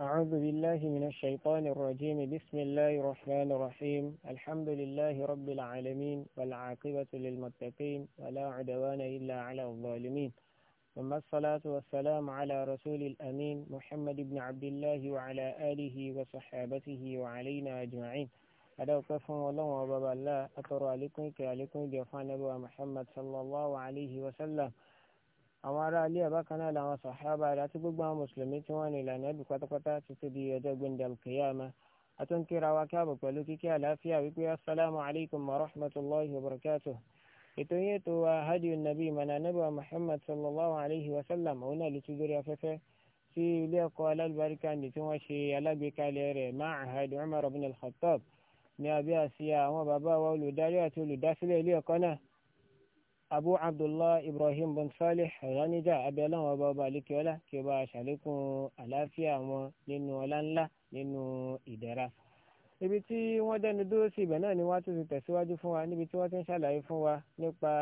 أعوذ بالله من الشيطان الرجيم بسم الله الرحمن الرحيم الحمد لله رب العالمين والعاقبة للمتقين ولا عدوان إلا على الظالمين ثم الصلاة والسلام على رسول الأمين محمد بن عبد الله وعلى آله وصحابته وعلينا أجمعين أدوك فهم والله وبابا الله أترى لكم كالكم جفان أبو محمد صلى الله عليه وسلم àwọn ará ilé ẹ̀ bákan náà làwọn sàhábà rẹ̀ àti gbogbo àwọn mùsùlùmí tí wọ́n ní ìlànà ẹ̀bì pátápátá títí di ọjọ́ gbẹ̀ndẹ̀m kìyàmá àtúnkìra wa káàbọ̀ pẹ̀lú kíkí àlàáfíà wípé asalaamu alaykum wa rahmatulahi wa barakatuh ètò yìí ètò wa hadiyu nabi mana nabi wa muhammad sallallahu alayhi wa sallam òun náà lè tún dórí afẹ́fẹ́ sí ilé ẹ̀kọ́ alábàríkà ní tí wọ́n ṣe alágbèékalẹ̀ rẹ̀ ma'had umar ibn khattab ní abẹ́ àwọn bàbá wa olùdarí àti olùdásílẹ̀ ilé ẹ̀kọ́ náà abu abdullah ibrahim bin salih ọ̀ránìjà abẹ́lẹ́wọ̀n ọba ọba àlekíọ́lá kí ọba ṣàlékún àlàáfíà wọn nínú ọlá ńlá nínú ìdẹ̀ra ibi tí wọ́n dẹnu dúró sí ibẹ̀ náà ni wọ́n tún ti tẹ̀síwájú fún wa níbi tí wọ́n ti ń ṣàlàyé fún wa nípa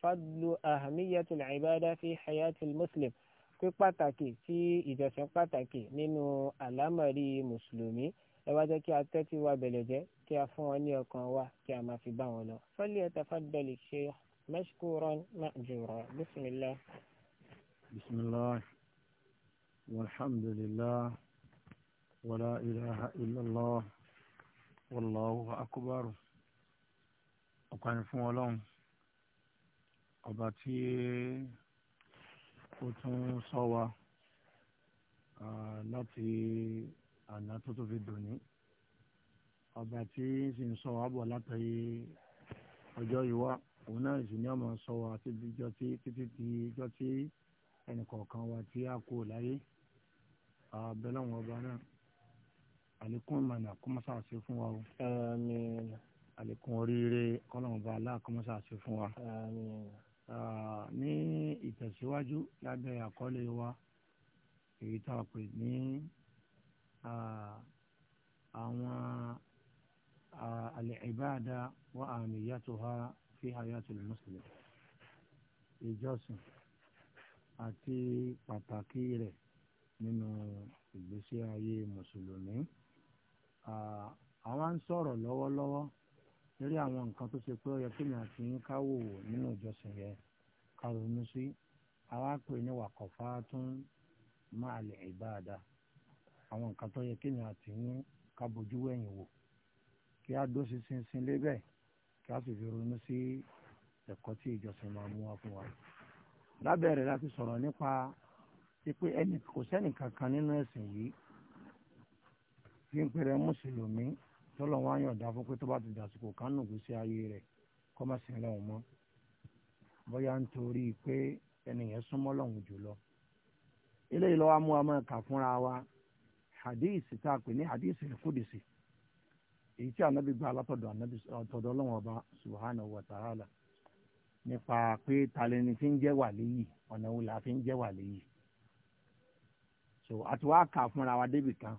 fadlu ahamiyatul ibada fi hayatul muslim pé pàtàkì tí ìjọsìn pàtàkì nínú àlámọ̀rí mùsùlùmí ẹ wá jẹ́ kí a tẹ́tí wa bẹ̀lẹ̀ jẹ́ kí a fún wọn ní ọkàn wa kí a máa fi bá wọn lọ. fọ́lì ẹ̀ tẹ́fà bẹ́ẹ̀lì ṣe é. مشكورا مأجورا بسم الله بسم الله والحمد لله ولا إله إلا الله والله أكبر أقام فولون أباتي أتون صوى láti àná tó tó fi dùn ní ọba تي sì ń sọ wàá ọjọ́ yìí wá òun náà sì ni ọmọ sọ wa títí jọ tí títí di jọ tí ẹnìkọ̀ọ̀kan wa tí a kú láyé abẹ́lẹ́wọ̀n ọba náà àlékún ìmọ̀nà kọ́mọ́sá ṣe fún wa o. àmín. àlékún oríire kọ́lọ́mù bá aláà kọ́mọ́sá ṣe fún wa. àmín. ní ìtẹ̀síwájú lábẹ́ àkọlé wa èyí tá a pè ní àwọn al-ibada wa ahmiyatuha. fi hayatul muslim ìjọsìn àti pàtàkì rẹ̀ nínú igbésí ayé mùsùlùmí àwa ń sọ̀rọ̀ lọ́wọ́lọ́wọ́ lórí àwọn nǹkan tó ṣe pé ó yẹ kí fi ń káwò nínú ìjọsìn yẹn ká sí àwa ní wàkọ̀fà tún máa lè àwọn nǹkan tó yẹ kí wò kí á dó kí a sì fi ronú sí ẹ̀kọ́ tí ìjọsìn máa mú wá fún wa. lábẹ́rẹ̀ láti sọ̀rọ̀ nípa ẹnì kò sẹ́nì kankan nínú ẹ̀sìn yìí fi ń pèrè mùsùlùmí tọ́lọ̀ wọn yọ̀ǹda fún pé tó bá ti dàsìkò kánú gbèsè ayé rẹ̀ kọ́ má mọ́ bóyá pé ẹnìyẹn súnmọ́ lọ́hùn jùlọ. eléyìí lọ́wọ́ kà fúnra wa hadith tá a pè èyí tí anabi gba látọ̀dọ̀ anabi ọ̀tọ̀dọ̀ ọlọ́wọ́n ọba subhanahu wa ta'ala nípa pé talẹ́ni fi ń jẹ́ wàlíyì ọ̀nà wo la fi ń jẹ́ wàlíyì so àti wàá kà fúnra wa débì kan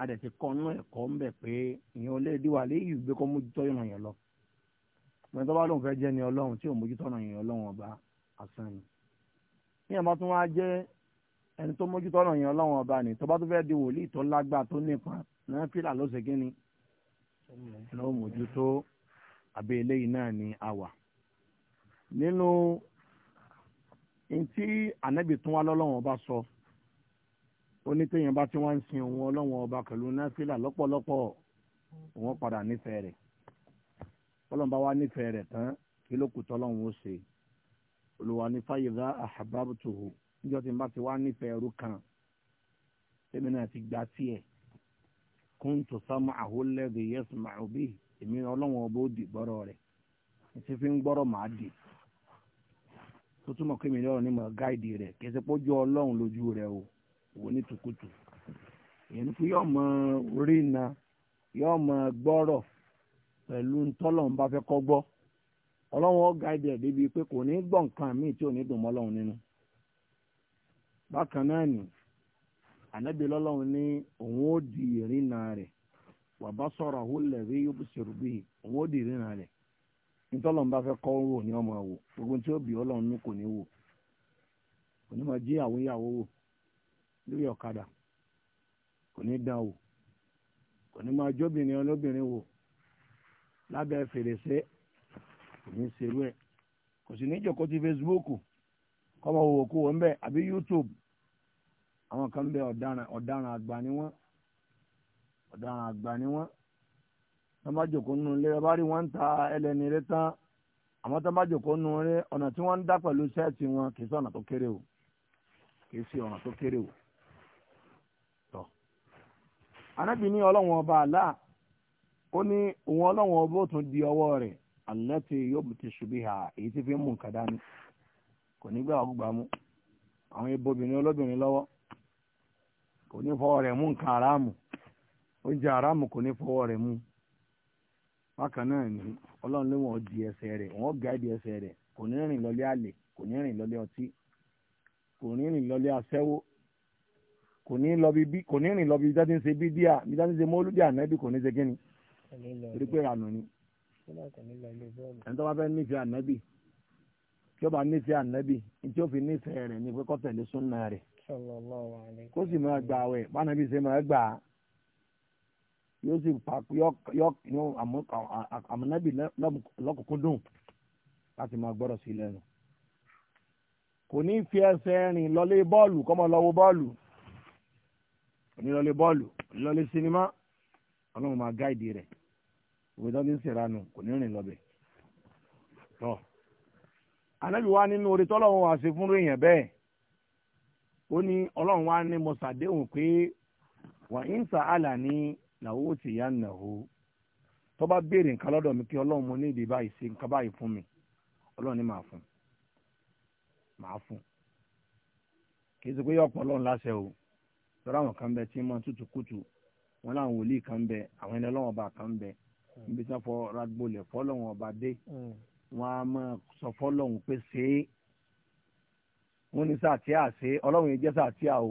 a dẹ̀ ti kọ́ inú ẹ̀kọ́ ń bẹ̀ pé ìyẹn ò lè di wàlíyì gbé kó mójútó ìràn yẹn lọ ìgbà tó bá lóun fẹ́ jẹ́ ni ọlọ́run tí ò mójútó ìràn yẹn ọlọ́run ọba asán ni ní ẹ̀ bá tún wá jẹ́ ẹni tó mójútó ìràn yẹn ọlọ́run ọba ni tó bá tún fẹ́ di wòlíì tó lágbà tó nípa náà fìlà ló ṣe lọ́wọ́ mójútó abẹ́ eléyìí náà ni a wà. nínú ntí ànábì tún wá lọ́lọ́wọ́n ọba sọ onítẹ̀yìn bá tí wọ́n ń sin òun ọlọ́wọ́n ọba pẹ̀lú náfìlà lọ́pọ̀lọpọ̀ òun padà nífẹ̀ẹ́ rẹ̀ ọlọ́mọba wa nífẹ̀ẹ́ rẹ̀ tán kí ló kù tọ́lọ́hún ó ṣe olùwà ní fàyèdá àhàbàbùtòhò níjọ́ tí n bá ti wá nífẹ̀ẹ́ ẹrú kan tẹ́mi náà ti gba tiẹ̀ kóńtò sámú àhólẹ́gì yẹ́sùn màábí èmi ọlọ́wọ́n ọba ó di gbọ́rọ̀ rẹ̀ ètí fi mi lọ́rọ̀ ní mọ̀ gáìdì rẹ̀ kẹsẹ̀ o wò ní tukutu ìyẹn fún na yọọ mọ gbọrọ pẹ̀lú ntọ́lọ́run bá fẹ́ kọ́ gbọ́ ọlọ́run ó gáìdì ẹ̀ débi pé kò ní gbọ́ nǹkan ànábì lọ́lọ́run ní òun ó di ìrìnà rẹ̀ wa basarahu alladhi yubsiru bihi òun ó di ìrìnà rẹ̀ nítọ́lọ́run bá fẹ́ kọ́ ní ọmọ wò gbogbo tí ó bì ọlọ́run ní kò ní wò kò ní máa jí àwọn ìyàwó wò lórí ọ̀kadà kò ní dán wò kò ní máa jóbìnrin olóbìnrin wò fèrèsé Facebook kọ́mọ àwọn kan bẹ ọ̀daràn ọ̀daràn àgbà ni wọn ọ̀daràn àgbà ni wọ́n tó bá nù lé rí wọn ń ta ẹlẹ́ni rẹ tán àmọ́ tó bá jòkó nù rẹ ọ̀nà tí wọ́n ń dá pẹ̀lú sẹ́ẹ̀tì wọn kì í ṣe ọ̀nà tó kéré o kì í ọ̀nà tó kéré o anábì ní ọlọ́wọ́n ọba àlá ó ní òun ọlọ́wọ́n ọba ó tún di ọwọ́ rẹ̀ àlẹ́ yóò ti kò ní fọwọ́ rẹ̀ mú nǹkan aráàmù oúnjẹ aráàmù kò ní fọwọ́ rẹ̀ mú bákan náà ni ọlọ́run ló wọ́n di ẹsẹ̀ rẹ̀ wọ́n gá di ẹsẹ̀ rẹ̀ kò ní rìn lọlé àlè kò ní rìn lọlé ọtí kò ní rìn lọlé aṣẹ́wó kò ní lọ bí bí kò ní rìn lọ bí bí dájú ń ṣe bí díà bí dájú ń ṣe mọ́lúdì ànábì kò ní ṣe kíni torí pé àná ni ẹni tó bá fẹ́ nífẹ̀ẹ́ ànábì tí ó bá nífẹ̀ẹ́ ànábì tí ó fi nífẹ̀ẹ́ rẹ̀ ni pé kó rẹ̀ kó sì máa gbà wẹ̀ bánabi ṣe máa gbà á yóò sì pa yọ àmúnábì lọ́kùnkúndùn láti máa gbọ́dọ̀ sí lẹ́nu kò ní fi ẹsẹ̀ rìn lọlé bọ́ọ̀lù kọ́mọ lọ́wọ́ bọ́ọ̀lù onílọlé bọ́ọ̀lù onílọlé sinimá ọlọ́run máa gáìdì rẹ̀ òwe tó ti ń ṣèrànù kò ní rìn lọ́bẹ̀ tọ́ anábì wá nínú orí tọ́lọ́run wá sí fún èèyàn bẹ́ẹ̀ ó ní ọlọ́run wá ní mo ṣàdéhùn pé wà ń sa àlà ní làwọn ò sì yá nà ó tó bá béèrè nǹkan lọ́dọ̀ mi kí ọlọ́run mo ní ìdí báyìí ṣe nǹkan báyìí fún mi ọlọ́run ní màá fún màá fún kì í ṣe ọ̀pọ̀ ọlọ́run láṣẹ o àwọn kan bẹ tí wọ́n tutù kutù wọn láwọn wòlíì kan bẹ àwọn ẹni ọlọ́run ọba kan bẹ níbi wọ́n ní sàtíà ṣe ọlọ́run yìí jẹ́ sàtíà o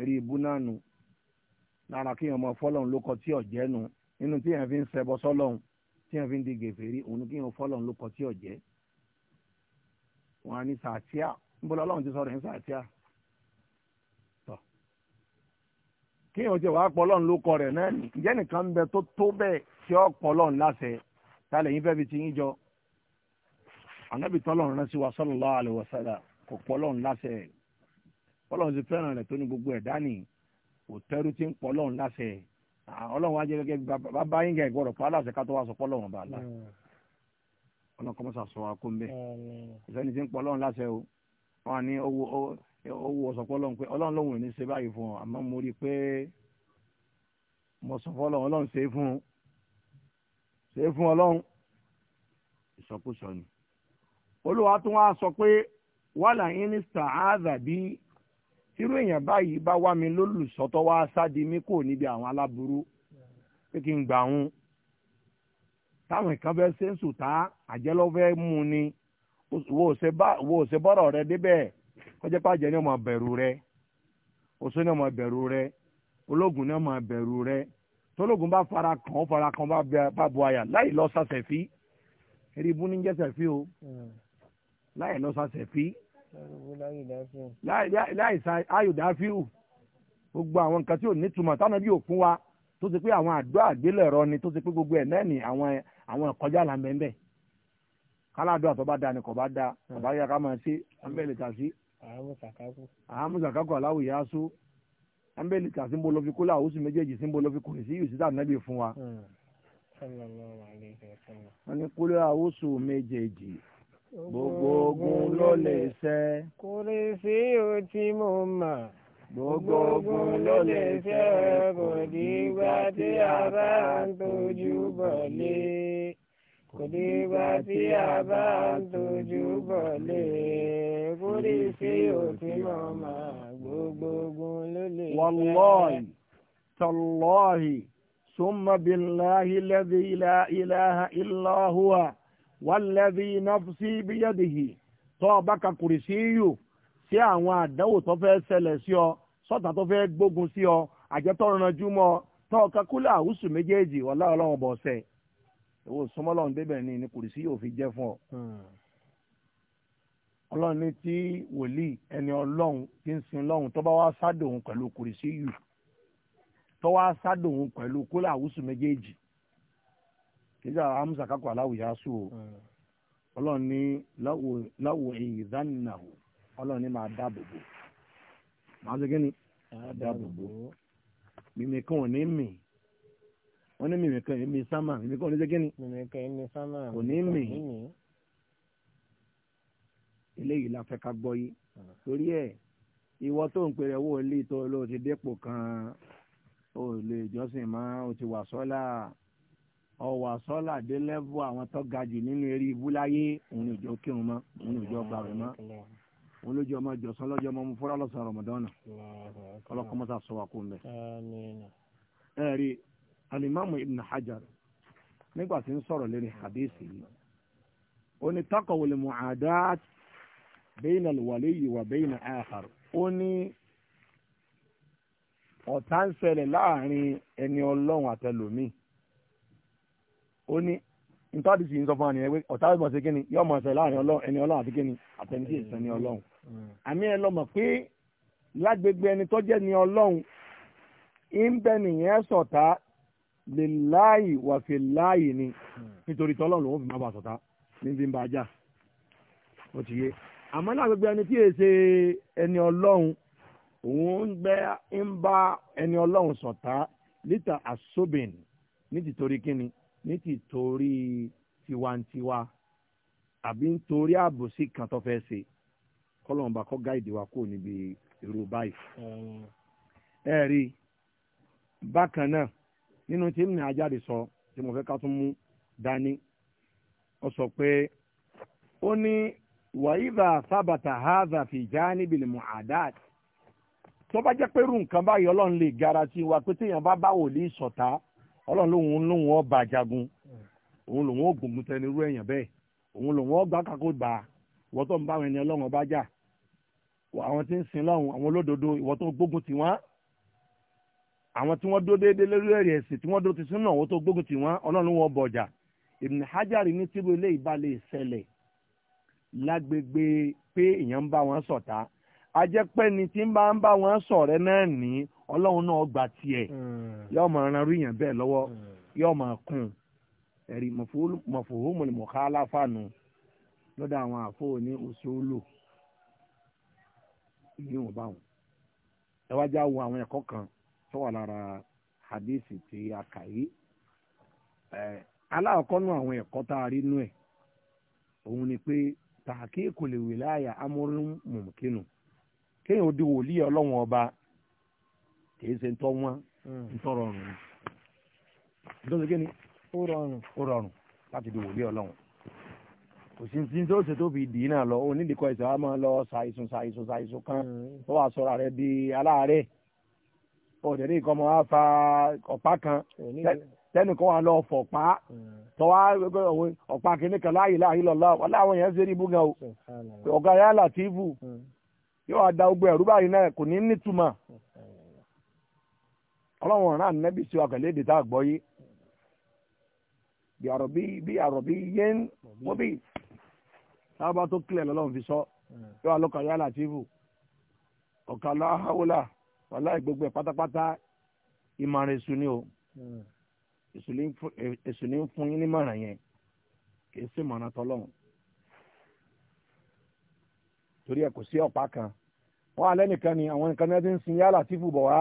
èrè ìbú náà nù lára kí èèyàn mọ fọlọ́run ló kọ tí ọ̀jẹ́ nu nínú tí èèyàn fi ń ṣẹbọ sọ́lọ́run tí èèyàn fi ń di gèfèrí òun kí èèyàn fọlọ́run ló kọ tí ọ̀jẹ́ wọn ní sàtíà níbo lọ́lọ́run ti sọ̀rọ̀ ní sàtíà tọ̀ kí èèyàn ti wàá pọ̀ ọlọ́run ló kọ rẹ̀ náà nì ìjẹ́ nìkan bẹ tó tó bẹ́ẹ̀ tí ó pọ̀ ọlọ́run láṣẹ tálẹ̀ yín fẹ́ fi ti yín jọ ànábì tọ́lọ́run rán sí wa sallallahu alaihi wasallam kò pọ́lọ́n láṣẹ ọlọ́run ti fẹ́ràn rẹ̀ tó ní gbogbo ẹ̀dá nì kò tẹ́rù tí ń pọ́lọ́n láṣẹ ọlọ́run wá jẹ́ gẹ́gẹ́ bàbá yín gẹ̀ gbọ́dọ̀ pa aláṣẹ ká tó wá sọ pọ́lọ́run bá a la ọlọ́run kọ́ mọ́sà sọ wa kó ń bẹ̀ ìsẹ́ni tí ń pọ́lọ́run láṣẹ o wọn ni owó ọ̀sọ̀ pọ́lọ́run pé ọlọ́run lòun ò ní ṣe báyìí fún ọ àmọ́ mo rí i pé mo sọ fọlọ́run ọlọ́run ṣe é fún ṣe é fún ọlọ́run ìsọkúsọ ni olúwa tún wá sọ pé wala yín ní sàáàzà bí irú èèyàn báyìí bá wá mi lólùsọ́tọ́ wá sáde mi níbi àwọn aláburú pé kí n gbà wọn táwọn ìkan fẹ́ ṣe ń sùtá fẹ́ mú ni wo ṣe bọ́rọ̀ rẹ débẹ̀ kọjá pàjẹ́ ọmọ bẹ̀rù rẹ oṣù ọmọ bẹ̀rù rẹ o. Hmm. láì lọ sàṣẹ fi láì sa ayòdáfíù gbogbo àwọn nǹkan tí ò nítumọ̀ tánàbí ò fún wa tó ti pé àwọn àdó àgbélẹ̀rọ ni tó ti pé gbogbo ẹ̀ náà ni àwọn àwọn ìkọjá là ń bẹ̀ ń bẹ̀ káládó àtọ́ bá da ni kò bá da kò bá yá ká máa ṣe àmbẹ́lẹ̀ tàṣí. ahamu sàkákù aláwọ̀ yá só àmbẹ́lẹ̀ tàṣí ń bó lọ́ fi kó láwùsù méjèèjì sí ń bó lọ́ fi kò sí yìí sí tàbí fún wa. Hmm. wọ́n ní kólé àwùsù méjèèjì gbogbo ogun ló lè ṣẹ. kúrè sí o tí mo mà. gbogbo ogun ló lè ṣẹ kò dìgbà tí a bá ń tójú bọ̀ lé kò dìgbà tí a bá ń tójú bọ̀ lé kúrè sí o tí mo mà. gbogbo ogun ló lè ṣẹ. wàlláhi tàlláhi summa billahi alladhi la ilaha illa huwa wàlẹ́bí nọ́fúsí bíyẹ́dìhì tó ọba ka kùrìsí yù sí àwọn àdánwò tó fẹ́ ṣẹlẹ̀ sí ọ sọ́tà tó fẹ́ gbógun sí ọ àjẹtọ́ ranjú mọ́ tó ọka kúlẹ̀ àwùsù méjèèjì wọlé ọlọ́run bọ̀ ọ̀sẹ̀ ìwọ sọmọlọ́run débẹ̀ ni ni kùrìsí yóò fi jẹ́ fún ọ. Hmm. ọlọ́run ní tí wòlíì ẹni ọlọ́run ti ń sin ọlọ́run tó bá wá sádòun pẹ̀lú kùrìsí yù tó wá sádòun pẹ̀lú kúlẹ̀ àwùsù méjèèjì nígbà amúsà kákọ ya sùn o hmm. ọlọ́run ní láwù ìdánìnàwó ọlọ́run ní máa dáàbò bò máa ṣe kíni dáàbò bò mímì kan ò ní mì wọ́n ní mímì kan èmi sámà mímì kan ò ní ṣe kíni mímì kan èmi sámà ní mì eléyìí la fẹ́ ká gbọ́ yìí hmm. torí ẹ̀ ìwọ tó ń pèrè owó ilé tó ló ti dépò kan ó lè jọ́sìn mọ́ ó ti wà sọ́lá ọwà sọ́là dé lẹ́vù àwọn tó ga jù nínú eré ibú láyé òun ni òjò kírun mọ́ òun ni òjò ọgbà rẹ̀ mọ́ òun lójú ọmọ ìjọsán lọ́jọ́ ọmọ fúra lọ́sàn rọmọdọ́nà ọlọ́kọ́ mọ́ta sọ wà kún bẹ́. ẹ rí alimami ibn hajar nígbà tí ń sọ̀rọ̀ lórí hadisi yìí ó ní takọ̀wòlì mu'adat bẹ́yìn alùwàlẹ́ yìí wà bẹ́yìn akhar ó ní ọ̀tá ń ṣẹlẹ̀ láàrin ẹni ọlọ́run àtẹlòmíì ó ní ntọ́dí sì sọ ọ̀tá ìmọ̀ sí kíni yóò mọ̀ láàrin ẹni ọlọ́run àti kíni àtẹnudí ìsẹ́ni ọlọ́run àmì ẹni tó jẹ́ ni ọlọ́run ń nìyẹn sọ̀tá lè láàyè wàfẹ̀ láàyè ni nítorí tọ́lọ́run fi máa bá sọ̀tá ní a jà ó ti yé àmọ́ ẹni tí èsè ẹni ọlọ́run òun ń ń bá ẹni ọlọ́run sọ̀tá lítà àsóbìn ní ti torí tiwantiwa àbí nítorí àbòsí kan tó fẹ́ ṣe kọ́lọ́mùbá kọ́ gáìdì wa kúrò níbi èrò báyìí. ẹ rí bákan náà nínú tí mi àjáde sọ tí mo fẹ́ ká tún mú dání ó sọ pé ó ní wàyíbà sábàtà haza fìjà níbi lè mú àdáàt tó bá jẹ́ pé irú nǹkan báyìí ọlọ́run lè gara wa pé téèyàn bá bá wòlíì ṣọ̀tá. So ọlọ́run lòun lòun ọba jagun òun lòun ó gbòmù tẹni irú èèyàn bẹ́ẹ̀ òun lòun ọgbà kakó gbà ìwọ tó ń bá àwọn ẹni ọlọ́run ọba jà àwọn tí ń sin lọ́run àwọn olódodo ìwọ tó gbógun tì wọ́n àwọn tí wọ́n dó déédéé lórí ẹ̀rí ẹ̀sìn tí wọ́n dó ti sínú àwọn tó gbógun tì wọ́n ọlọ́run wọn bọ̀jà Ibn Hajar ní tíru ilé ìbálẹ̀ ìṣẹ̀lẹ̀ lágbègbè pé èèyàn ń bá wọn ṣọ̀tá ajẹ́pẹ́ni tí ń bá ń bá wọn ṣọ̀rẹ́ náà ní ọlọ́run náà gbà tiẹ̀ hmm. yóò máa ran irú bẹ́ẹ̀ lọ́wọ́ hmm. yóò máa kún ẹ̀rí mọ̀fòhómọ̀lì mọ̀kálàfàánù lọ́dọ̀ àwọn àfọwò ní òṣòlò ìyíwọ̀n báwọn ẹ wá já wo àwọn ẹ̀kọ́ kan tó wà lára hadisi tí a kà yìí aláàkọ́nù àwọn ẹ̀kọ́ tá a rí ẹ̀ òun ni pé tàkì kò lè ọba kìí ṣe ntọ́ wọn ntọ́ hmm. rọrùn ni ntọ́ ṣe kíni ó rọrùn ó rọrùn láti di wòlíì ọlọ́run kò sí ní tó ṣe tó fi dì í náà lọ òun nídìí kọ ẹsẹ̀ wa máa lọ ṣàìsùn ṣàìsùn ṣàìsùn kan hmm. ó wà sọ̀rọ̀ rẹ di aláàárẹ̀ ọ̀dẹ̀ ní ìkọ́mọ wa fa ọ̀pá kan tẹ́nì kan wà lọ fọ̀pá hmm. tọ́wá ọ̀pá kìíní kan láàyè láàyè lọ́la wọ́n láwọn yẹn ń ṣe ibú gan o ọ̀gá yálà tìbù yóò wá da ogbó ẹ̀rú báyìí náà kò ní nítumọ̀ ọlọ́run ọ̀ràn ànábì sí akẹ́lẹ́dẹ̀ tá a gbọ́ yé bí àròbí bí àròbí yẹn mọ́bí sábà tó kílẹ̀ lọ́lọ́run fi sọ hmm. yóò alọ́kà yálà tìbù ọ̀kà láhàwọ́là wàlá ìgbógbó ẹ̀ pátápátá ìmọ̀ràn èṣù ni o hmm. èṣù ni ń fún yín nímọ̀ràn yẹn kì í sì mọ̀ràn tọ́lọ́run torí ẹ̀ kò sí ọ̀pá kan wọ́n alẹ́ nìkan ni àwọn nǹkan ní wọ́n ti ń sin yálà tìbù bọ̀ wá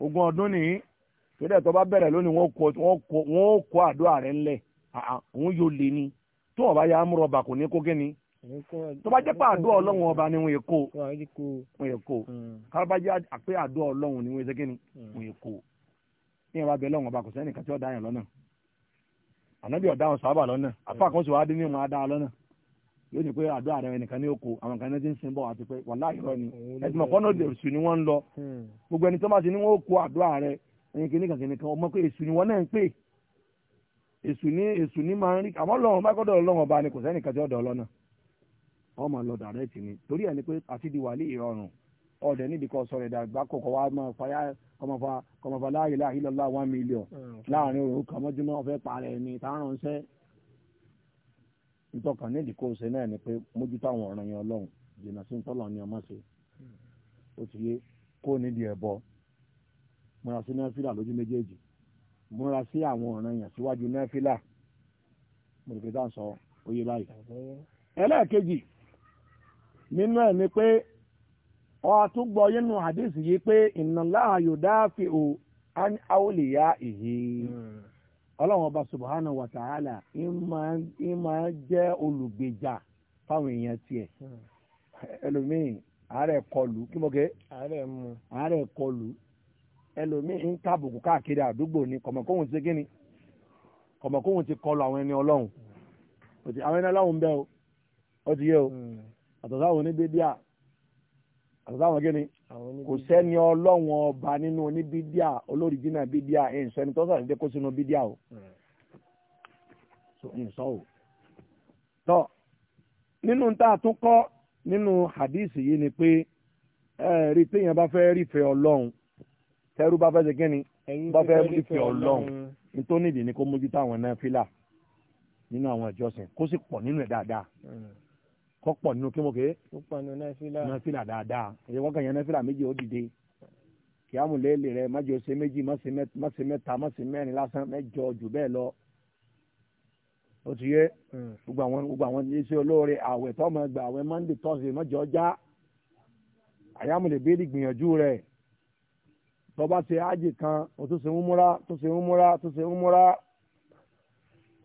ogún ọdún nìyí kéde tó bá bẹ̀rẹ̀ lónìí wọ́n kọ wọ́n kọ wọ́n kọ àdúrà rẹ̀ ńlẹ̀ òun yóò lé ní tó wọn bá yà á mú rọba kò ní kó gé ni tó bá jẹ́ pé àdúrà ọlọ́run ọba ni wọ́n yẹ kó wọ́n yẹ kó hmm. kábàjẹ́ àpé àdúrà ọlọ́run ni wọ́n yẹ kí ni hmm. wọ́n yẹ kó ní ìwà bẹ́ẹ̀ lọ́wọ́n ọba kò sẹ́nìkan tí ó dá yàn lọ́nà ànábì ọ̀daràn sábà lọ́nà hmm. àfa kan sì wá dé ní ìmọ̀ adá lọ́nà yóò ní pé àdó ààrẹ ẹnìkan ní oko àwọn kan náà ti sin bọ̀ àti pé wàhálà ìrọ ni ẹtùmọ̀ kọ́nà èṣù ni wọ́n ń lọ hmm. gbogbo ẹni tó bá ti ní wọ́n kó àdó ààrẹ ẹnìkan ní kankan nìkan ọmọ pé èṣù ni wọ́n náà ń pè èṣù ni èṣù ni máa ń rí àmọ́ lọ́wọ́n bá gbọ́dọ̀ lọ́wọ́n bá ni kò sẹ́ni kan tí ọ̀dọ̀ ọlọ́nà ọmọ lọ dàrẹ́tì ni torí ẹni pé àti di wàhálì ìrọ̀rùn ọ̀dẹ̀ níbi kan sọ̀rọ̀ ẹ̀dà àgbà kò kọ́ wa kọmọfà láàyè láàyè lọ́la one million hmm. láàrin òru kàmọ́júmọ́ ọ̀fẹ́ pààrẹ̀ ni tààrùn ṣẹ́ ìtọ́kàn nídìí kó o ṣe náà ni pé mójútó àwọn ọ̀ràn yẹn ọlọ́run jìnnà sí tọ́lọ̀ ni ọmọ ṣe ó ti yé kó nídìí ẹ̀bọ múra sí náfìlà lójú méjèèjì múra sí àwọn ọ̀ràn yẹn síwájú náfìlà mọ̀lùkì tá à ń sọ oyè báyìí. ẹlẹ́ẹ̀kejì nínú ẹ̀ ni pé ọ̀túngbọ̀ yínú àdéhùn yìí pé ọlọ́run ọba subhanahu wa ta'ala ń máa jẹ́ olùgbèjà fáwọn èèyàn tiẹ̀ ẹlòmíì àárẹ̀ kọlù kí mo gé àárẹ̀ ẹlòmíì ń tàbùkù káàkiri àdúgbò ni kọ̀mọ̀kóhùn ti gíní kọ̀mọ̀kóhùn ti àwọn ẹni àwọn ẹni bẹ́ẹ̀ o ó ti yé o hmm. kò sẹ́ni ọlọ́wọ́n ọba nínú oníbídíà olóríjìnà bídíà ẹ̀ ń sẹ́ni tó sàrẹ́ dé kó sínú bídíà o ń sọ o. tọ́ nínú tá a tún kọ́ nínú hadísì yìí ni pé ẹ rí i téèyàn bá fẹ́ rífẹ̀ẹ́ ọlọ́run tẹ́rú bá fẹ́ ṣe kí ni bá fẹ́ rífẹ̀ẹ́ ọlọ́run nítorí nìdí ni kó mójútó àwọn náà fílà nínú àwọn ìjọsìn kó sì pọ̀ nínú ẹ̀ dáadáa. Hmm kọ́pọ̀ nínú kí mo kéé. kọ́pọ̀ nínú nẹ́fìlà. nẹ́fìlà dáadáa ẹ̀yẹ wọ́n kàn yẹn nẹ́fìlà méjì ó dìde kí á mú léèlè rẹ májò ṣe méjì má ṣe mẹ́ta má ṣe mẹ́rin lásán mẹ́jọ jù bẹ́ẹ̀ lọ. ó ti yé hmm. gbogbo àwọn gbogbo àwọn iṣẹ́ olóore àwẹ̀ tó máa gbà àwẹ̀ monday thursday mọ́jọ já àyàmú lè gbìyànjú rẹ̀ tó ṣe ájì kan ó tún ṣe ń múra tó ṣe ń múra tó ṣe ń múra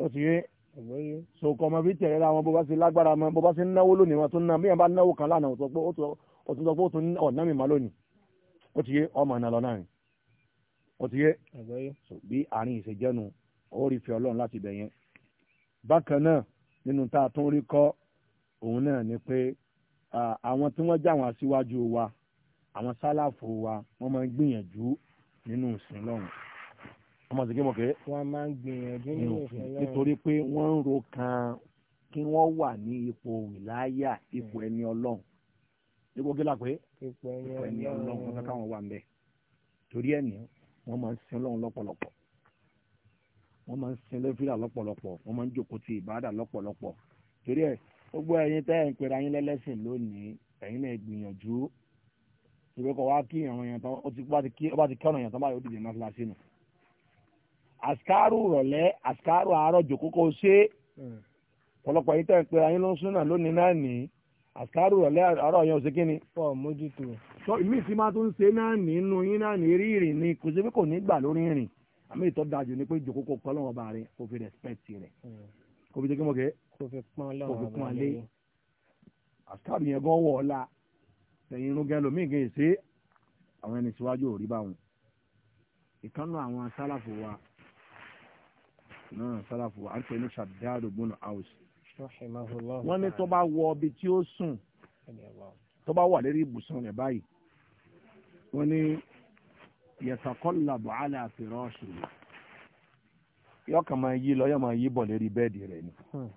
ó ti yé so kọ́ ọmọ fi tẹ̀lé ra wọn bó bá ṣe lágbára mọ́ bó bá ṣe náwó lónìí wọn tó ná bí wọn bá náwó kan lánàá ọ̀tún sọ pé ó tún ọ̀nà mi má lónìí ó ti yé ọmọ iná lọ náà ó ti yé bí àárín ìṣèjẹ́nu ó rí fi ọlọ́run láti bẹ̀ yẹn bákan náà nínú tá a tún rí kọ́ òun náà ni pé àwọn tí wọ́n jáwọn aṣíwájú wa àwọn sálàfò wa wọ́n máa ń gbìyànjú nínú ìsìn lọ́hùn-ún ọmọ sì kí mo kéré. wọ́n máa ń gbìyànjú ní òfin ọlọ́run. nítorí pé wọ́n ń ro kan kí wọ́n wà ní ipò wìláyà ipò ẹni ọlọ́run ipò kí la pé ipò ẹni ọlọ́run kankan káwọn wà ń bẹ̀ torí ẹ̀ ní wọ́n máa ń sin ọlọ́run lọ́pọ̀lọpọ̀ wọ́n máa ń sin lẹ́fíà lọ́pọ̀lọpọ̀ wọ́n máa ń jókòó ti ìbáàdà lọ́pọ̀lọpọ̀ torí ẹ̀ gbogbo ẹ̀yin tẹ́ ẹ̀ ń pera yín lẹ́lẹ́sìn lónìí ẹ̀yin lè gbìyànjú ìgbẹ́kọ̀ wá kí àwọn èèyàn tán ó ti kí ọ̀nà èèyàn tán báyìí ó dìde náà fi la sínú àsìkáàrù rọ̀lẹ́ àsìkáàrù àárọ̀ jòkókò ṣe hmm. ọ̀pọ̀lọpọ̀ yìí tẹ̀ ń pe ayé ló ń súnà lónìí náà nìyí àsìkáàrù rọ̀lẹ́ àárọ̀ yẹn ò ṣe kíni. pọ̀ mójútó. sọ ìmí ìsín máa tún ṣe náà nínú yín náà ní rí ìrìn ni kò sí pé kò ní gbà lórí ìrìn àmì ìtọ́ dájú ni pé jòkókò pọ́lọ́wọ́ bá rẹ kò fi rẹ̀spẹ̀tì rẹ̀ hmm. kò fi jẹ́ kí mo kẹ́ kò fi pọ́n lé àsìkáàrù yẹn gan wọ̀ ọ́la tẹ̀yìn irun gan lomi gan èsè àwọn ẹni síwájú ò náà sálàfù à ń pè ní Shaddad ibn Aws. wọ́n ní tó bá wọ ibi tí ó sùn tó bá wà lérí ibùsùn rẹ̀ báyìí wọ́n ní yataqallabu ala firashi yóò kàn máa yí lọ yóò máa yí bọ̀ lérí bẹ́ẹ̀dì rẹ̀ ni hmm.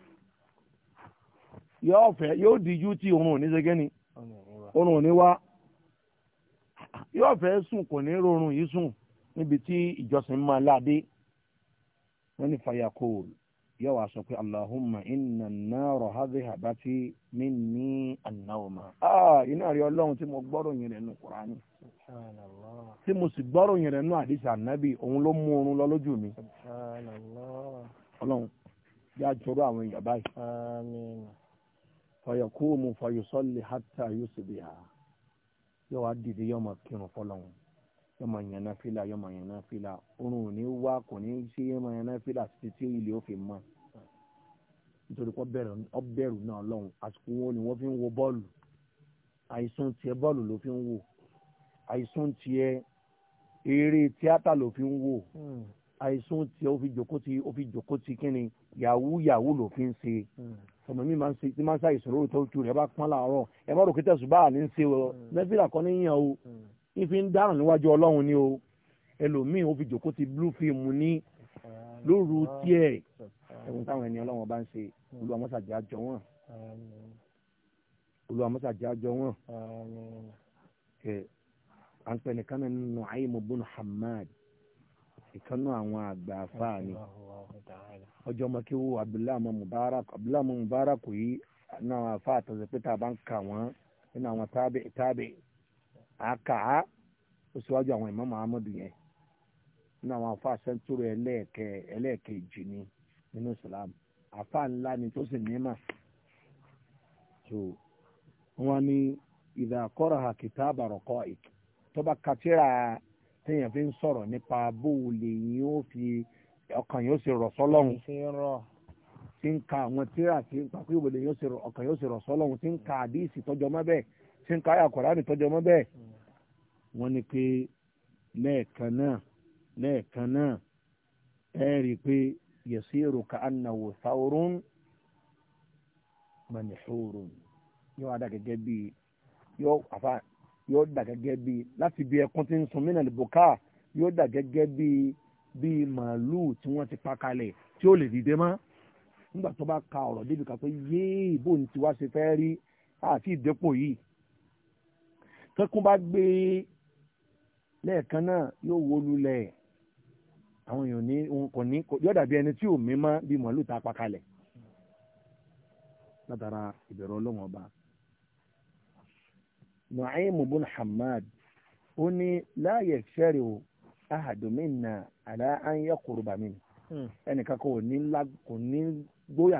yóò fẹ́ yóò díjú tí òun ò ní ṣe gẹ́ni òun ò wá yóò fẹ́ sùn kò ní rọrùn yìí sùn níbi tí ìjọsìn máa láàdé wọ́n ní fayakol yóò wá sọ pé allahumma inna náírà hadhi habati minni anáwòmá. Ah, iná rí ọlọ́run tí mo gbọ́rọ̀ yẹn rẹ̀ nù kúránì tí mo sì gbọ́rọ̀ yẹn rẹ̀ nù àdìsá nábì òun ló mú oorun lọ lójú mi. ọlọ́run yá jọrọ àwọn èèyàn báyìí. fayakumu fayusọ́lì hátà yusubiha yóò wá dìde yóò máa kírun fọlọ́run yọmọ yẹn fila fìlà yọmọ yẹn náà fìlà oorun ò ní wá kò ní ṣe yọmọ yẹn náà fìlà títí tí ilé ó fi mọ nítorí pé ọbẹ̀rù náà lọ́hùn àsìkò wọn ni wọ́n fi ń wo bọ́ọ̀lù àìsùn tiẹ̀ bọ́ọ̀lù ló fi ń wò àìsùn tiẹ̀ eré tíátà ló fi ń wò hmm. àìsùn tiẹ̀ ó fi jòkó ti ó fi jòkó ló fi ń ṣe hmm. ọmọ mi máa ń ṣe tí máa ń ṣàìsàn lórí tó tu rẹ̀ bá pọ́n láàárọ̀ ẹ má rò kí tẹ̀sùbá ní ń ṣe ọ ìfi ń dáràn níwájú ọlọ́run ni o ẹlòmíì ó fi jòkó ti blue film ní lóru tiẹ̀ ẹ̀wọ̀n táwọn ẹni ọlọ́run bá ń ṣe olùwàmọ́sàjẹ́ àjọ wọn olùwàmọ́sàjẹ́ àjọ wọn ẹ à ń pẹ nìkan náà nínú àyèmọ bùnú Hamad ìkan náà àwọn àgbà afáà ni ọjọ́ ọmọ kí wọ́n Abdullahi Mubarak Abdullahi Mubarak yìí náà afáà tọ̀sẹ̀ pé tá a bá ń kà wọ́n nínú àwọn tábì tábì aka ha ha síwájú àwọn ìmọ̀ muhammadu yẹn nínú àwọn afa sẹ́ńtúrò ẹlẹ́ẹ̀kẹ́ ẹlẹ́ẹ̀kejì ni nínú islam afa nla ni tó sì nímà tó wọn ni ìdàkọ́rọ̀ àkìtà àbàrọ̀kọ́ ìkì tó bá kàtírà téèyàn fi ń sọ̀rọ̀ nípa bóun lè ó fi ọkàn yóò ṣe tí ń ka ka tí ń káyà Kùránì tọ́jú ọmọ bẹ́ẹ̀ wọ́n ní pé lẹ́ẹ̀kan náà lẹ́ẹ̀kan náà ẹ rí i pé yasiru ka annahu thawrun manihurun yóò dà gẹ́gẹ́ bíi yóò àfa yóò dà gẹ́gẹ́ bíi láti bí ẹkún tí ń sun mí nàlẹ́ bùkà yóò dà gẹ́gẹ́ bíi bíi màálù tí wọ́n ti pa kalẹ̀ tí ó lè dìde mọ́ nígbà tó bá ka ọ̀rọ̀ débi kan pé yéé bóun ti wá ṣe fẹ́ rí àti ìdẹ́pọ̀ yìí tẹ́kùn bá gbé e, lẹ́ẹ̀kan náà yóò wó lulẹ̀ àwọn èèyàn ní kò ní yóò dàbí ẹni tí ò mí mọ́ bí màálù tá a pa kalẹ̀ látara ìbẹ̀rù ọlọ́wọ́n ọba. Nu'aym ibn Hammad ó ní la yashri'u ahadun minna ala an hmm. ẹnìkan kò ní gbóyà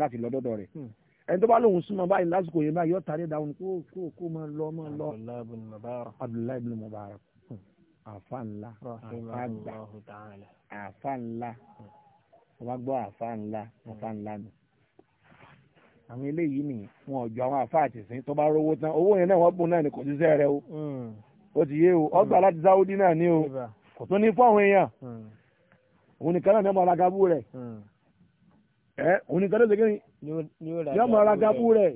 láti lọ dọ́dọ̀ rẹ̀. Hmm ẹni tó bá lóun súnmọ́ báyìí lásìkò yẹn báyìí yóò tàrí dáhùn kó kó kó máa lọ máa lọ abdullahi ibn mubarak hmm. àfa ńlá àfa gbà àfa ńlá ọba gbọ́ àfa ńlá àfa hmm. ńlá nù àwọn eléyìí nìyí wọn ò jọ àwọn àfa àtìsín tó bá rówó tán owó yẹn náà wọn bùn náà ní kò síṣẹ́ rẹ o hmm. ó ti yé o ọgbà láti sáwọ́dí náà ní o kò tó ní fún àwọn èèyàn òun nìkan náà ní ọmọ alágabú rẹ ẹ òun nìkan náà ṣe kí ni yóò mọ ara gabu rẹ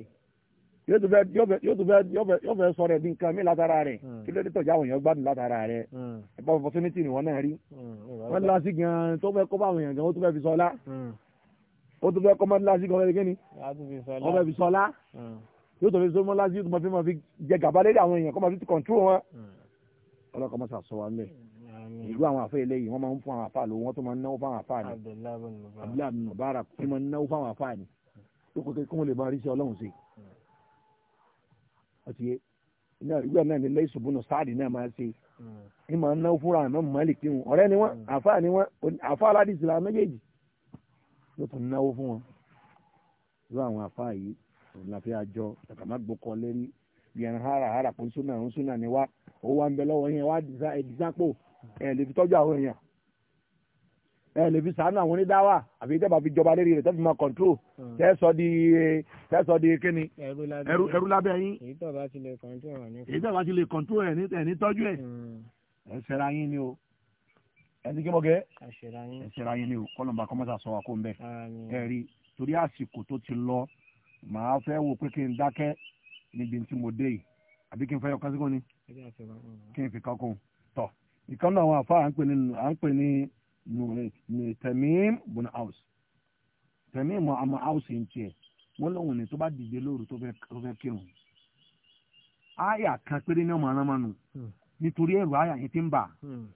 yóò tún fẹ́ yóò tún fẹ́ yóò fẹ́ sọ rẹ bí nǹkan mi látara rẹ hmm. kí ló dé tọjá àwọn èèyàn gbádùn látara rẹ hmm. ẹgbẹ opportunity ni wọn náà rí wọn lásì gan tó fẹ́ kó bá àwọn èèyàn gan ó tún fẹ́ fi sọlá hmm. ó tún fẹ́ kó máa lásì gan kí ni ó fẹ́ fi sọlá yóò tún fi sọmọ lásì yóò tún máa fi máa fi jẹ gàba lérí àwọn èèyàn kó máa fi control wọn ọlọ́kọ̀ máa sàsọ wa mẹ́ ìlú àwọn àfẹ́ eléyìí wọ́n máa ń fún àwọn àfáà lówó wọ́n tún máa ń náwó fáwọn àfáà ni Abdullahi bin Mubarak tún máa ń náwó fáwọn àfáà ni lókòtò kí wọ́n lè bá aríṣẹ́ ọlọ́run sí ọtí ìgbà náà nílẹ̀ ìṣòbùnà sáàdì náà máa ṣe ní màá náwó fúnra àmọ́ màálìkì wọn ọ̀rẹ́ ni wọ́n mm. àfáà ni wọ́n àfáà aládìsí la méjèèjì ló tún náwó fún wọn irú àwọn àfáà yìí òǹlàfẹ́ àjọ tàkàmágbókọ lẹ́rí yẹn hara hara kò ń súnà ń súnà ni wá owó wa ń bẹ lọ́wọ́ yẹn wá ẹ̀dísápò ẹ̀ lè fi tọ́jú àwọn èèyàn ẹ lè fi sàánú àwọn onídáwà àfi tẹ́bà fi jọba lérí rẹ̀ tẹ́ fi máa kọ̀ntró hmm. tẹ́ di tẹ́ di kíni ẹrú lábẹ́ yín èyí tó bá ti lè kọ̀ntró ẹ̀ ní ẹ̀ ní tọ́jú ẹ̀ hmm. ẹ̀ ṣẹ̀ra yín ni o ẹni kí mo gẹ́ ẹ̀ ṣẹ̀ra yín ni o kọ́lọ̀mbà kọ́mọ́sà sọ wa kó ń bẹ̀ ẹ̀ rí torí àsìkò tó ti lọ màá fẹ́ wo pé kí n dákẹ́ níbi tí mo dé yìí àbí kí n fẹ́ ní Tamim bùnà Aus Tamim àmọ́ Aus ń tiẹ̀ wọ́n lọ́wọ́ ní tó bá dìde lóru tó fẹ́ kírun àyà kan péré ní ọmọ arámánu hmm. nítorí ti ń bà hmm.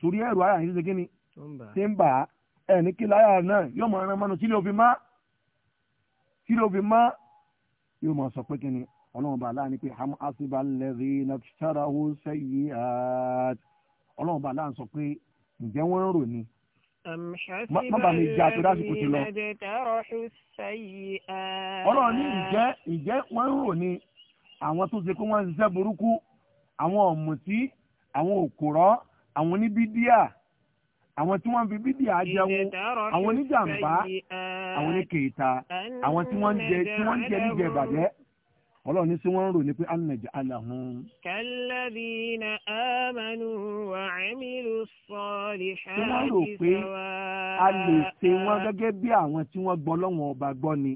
torí ẹ̀rù àyà yẹn ti ṣe ni ti ń bà ẹni kí láyà náà yóò mọ arámánu tí ló fi má tí ló má yóò mọ sọ pé kí ni ọlọ́run bá láàánú pé ham asiba lẹ́rìí nàfṣàràwọ̀ sẹ́yìí ọlọ́run bá láàánú sọ pé ǹjẹ́ wọ́n ń rò ni. má mi jà tó dásìkò ti lọ. ọ̀rọ̀ ní ǹjẹ́ ǹjẹ́ wọ́n ń rò ni àwọn tó ṣe pé wọ́n ṣiṣẹ́ burúkú àwọn ọ̀mùtí àwọn òkùrọ́ àwọn oníbídíà àwọn tí wọ́n fi bídíà jẹun àwọn oníjàmbá àwọn oníkèéta àwọn tí wọ́n ń jẹ níjẹ ìbàjẹ́ ọlọ́run ní sí wọ́n ń rò ní pé anàjà alàhùn. kàlàbìnà àmàlù wà ẹ̀mílù sọ̀rì ṣáàtì sọ́wọ́. wọ́n rò pé a lè ṣe wọ́n gẹ́gẹ́ bí àwọn tí wọ́n gbọ́ lọ́wọ́n ọba gbọ́ ni.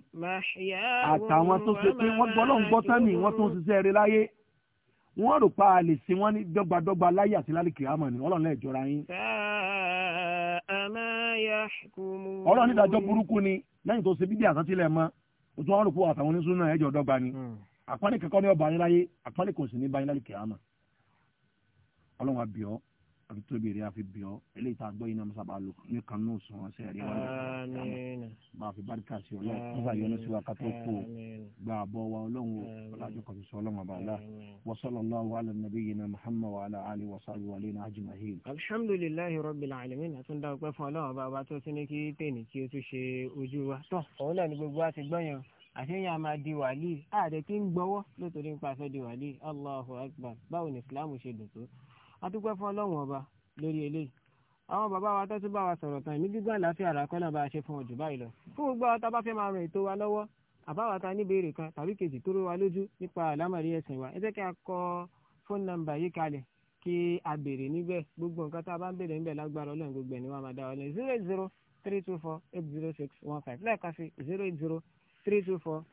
àtàwọn tó ṣe pé wọ́n gbọ́ lọ́wọ́n gbọ́ tán ni wọ́n tó ń ṣiṣẹ́ rẹ láyé wọ́n rò pé a lè ṣe wọ́n ní dọ́gbadọ́gba láyé àti lálẹ́kì àmọ́ ni ọlọ́run lè yín. ọlọ́run nídàájọ́ àpọ́nlé kankan ní ọba yín láyé àpọ́nlé kò sì ní bá yín láyé kìámà ọlọ́run àbíọ́ àti tóbi rẹ̀ àfi bíọ́ eléyìí tá a gbọ́ yín náà mọ́sábà lò ní kan náà sùn wọn sẹ́ẹ̀rí wọn máa fi báríkà sí ọlọ́run nígbà yọnu sí wa ká tó kú o gba àbọ̀ wa ọlọ́run o ọlájú kan sọ ọlọ́run ọba ọlá wa sallallahu ala nabiyyina muhammad wa ala ali wa sahbihi wa lena ajma'in. alhamdulillahi rabbil alamin àtúndà ọpẹ́ fún ọlọ́run ọba ọba tó ti ní o tún ṣe ojú wa. tọ́ òun náà ni gbogbo wa ti gbọ́yàn àṣeyàn a máa di wàlíì ààrẹ kí ń gbọ́wọ́ nítorí ń pàṣẹ di wàlíì allahu akbar báwo ni islam ṣe dùn tó adúpẹ́ fún ọlọ́run ọba lórí eléyìí àwọn bàbá wa tọ́tún bá wa sọ̀rọ̀ tán ní gbígbọ́n àlàáfíà ara kan náà bá a ṣe fún ọjọ́ báyìí lọ fún gbogbo àwọn tá a bá fẹ́ máa ràn ètò wa lọ́wọ́ àbáwata níbèrè kan tàbí kejì tó rọ wa lójú nípa àlámọ̀rí ẹ̀sìn wa ẹ jẹ́ kí a kọ fóònù nọ́mbà yìí kalẹ̀ kí a béèrè níbẹ̀ gbogbo nǹkan tá a bá ń béèrè níbẹ̀ lágbára ọlọ́run gbogbo ẹ̀ ni wọ́n máa dá wa lọ zero eight zero three two four eight zero six one five lẹ́ẹ̀ka sí zero eight zero three two four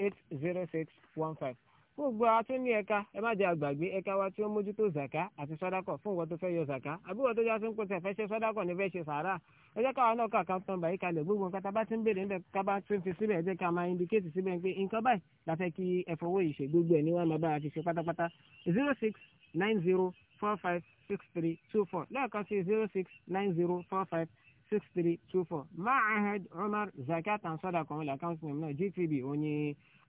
eight zero six one five gbogbo àwọn tó ní ẹ̀ka ẹ má jẹ́ àgbàgbé ẹ̀ka wa tí ó mójútó zaka àti sọ́dákọ̀ fún ìwọ tó fẹ́ yọ zaka àbí ìwọ tó já sí ń pèsè ẹ̀fẹ́ ṣe sọ́dákọ̀ ní fẹ́ ṣe sàárà ẹ jẹ́ káwa náà kà kan tán báyìí kalẹ̀ gbogbo nǹkan tá a bá ti ń béèrè níbẹ̀ ká bá tún fi síbẹ̀ ẹ ká máa indicate síbẹ̀ pé nǹkan báyìí la fẹ́ kí ẹ yìí ṣe gbogbo ẹ̀ ní máa bá a ti ṣe pátápátá zero six nine zero four five six three two four lẹ́ẹ̀kan sí zero six nine zero four five six three two four mahad umar zakat and sadaqa wọn lè àkáǹtì nàìjíríà náà gtb òní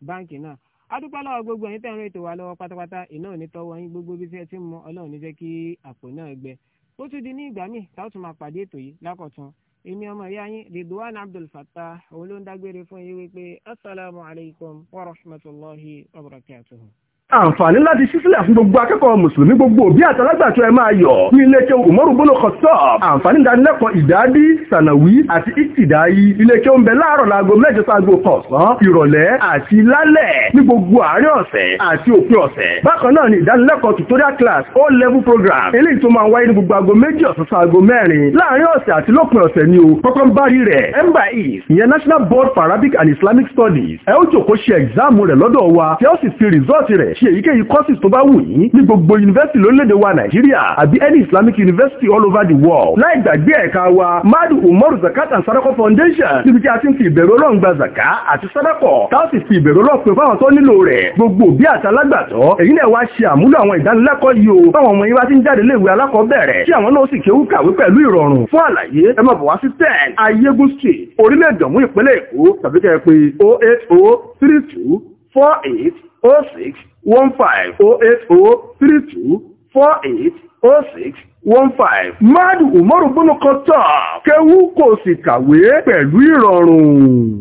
báǹkì náà adúpẹ́ lọ́wọ́ gbogbo ẹ̀yin tẹ́ ń rètò wa lọ́wọ́ pátápátá iná ò ní tọ́wọ́ yín gbogbo bí fẹ́ẹ́ ti mú ọlọ́run ní jẹ́ kí àpò náà gbẹ ó tún di ní ìgbà míì tá tún máa pàdé ètò yìí lákọ̀tún èmi ọmọ ìyá yín ridwan abdul Fatah. òun ló ń dágbére fún yín wípé asalaamualeykum wa rahmatulahi wa barakatuhu àǹfààní láti ṣí sílẹ̀ fún gbogbo akẹ́kọ̀ọ́ mùsùlùmí gbogbo òbí àtàlágbàtọ́ ẹ máa yọ̀ ní iléeṣẹ́ Umaru bolo Khattab àǹfààní ìdánilẹ́kọ̀ọ́ ìdádí sànàwí àti ìtìdáyí iléeṣẹ́ ń bẹ láàárọ̀ láago mẹ́jọ sáago kọ̀ọ̀sán ìrọ̀lẹ́ àti lálẹ́ ní gbogbo àárín ọ̀sẹ̀ àti òpin ọ̀sẹ̀ bákan náà ni ìdánilẹ́kọ̀ọ́ tutorial class O level program eléyìí tó máa wáyé ní gbogbo aago méjì ọ̀sán sáago mẹ́rin láàárín ọ̀sẹ̀ àti lópin ọ̀sẹ̀ ni o kọ́kọ́ ń bá rí rẹ̀ emba east ìyẹn National Board for Arabic and Islamic Studies ẹ ó jòkó ṣe ẹ̀gzáàmù rẹ̀ lọ́dọ̀ wa tí ó sì fi rìsọ́ọ̀tì rẹ̀ ṣe èyíkéyìí courses tó bá wù yín ní gbogbo yunifásitì lórílẹ̀‐èdè wa nàìjíríà àbí any islamic university all over the world láì gbàgbé ẹ̀ka wa madu umaru zakat and sadako foundation níbi tí a ti ń fi ìbẹ̀rù ọlọ́run gba zaka àti sadako tá a sì fi ìbẹ̀rù ọlọ́run pè fáwọn tó nílò rẹ̀ gbogbo òbí àti alágbàtọ́ èyí náà wá ṣe àmúlò àwọn ìdánilẹ́kọ̀ọ́ yìí o báwọn ọmọ yín bá ti ń jáde léèwé alákọ̀ọ́bẹ̀rẹ̀ tí àwọn náà sì kéwú kàwé pẹ̀lú ìrọ̀rùn fún àlàyé ẹ máa bọ̀ wá sí ten ayégún street orílẹ̀-èdè ọ̀hún ìpínlẹ̀ èkó tàbí kẹ́ ẹ pé oh eight oh three two four eight oh six one five oh eight oh three two four eight oh six one five. Máàdù Umaru Bọ́lọ́kọ́tà kẹ́wú kò sì kàwé pẹ̀lú ìrọ̀rùn.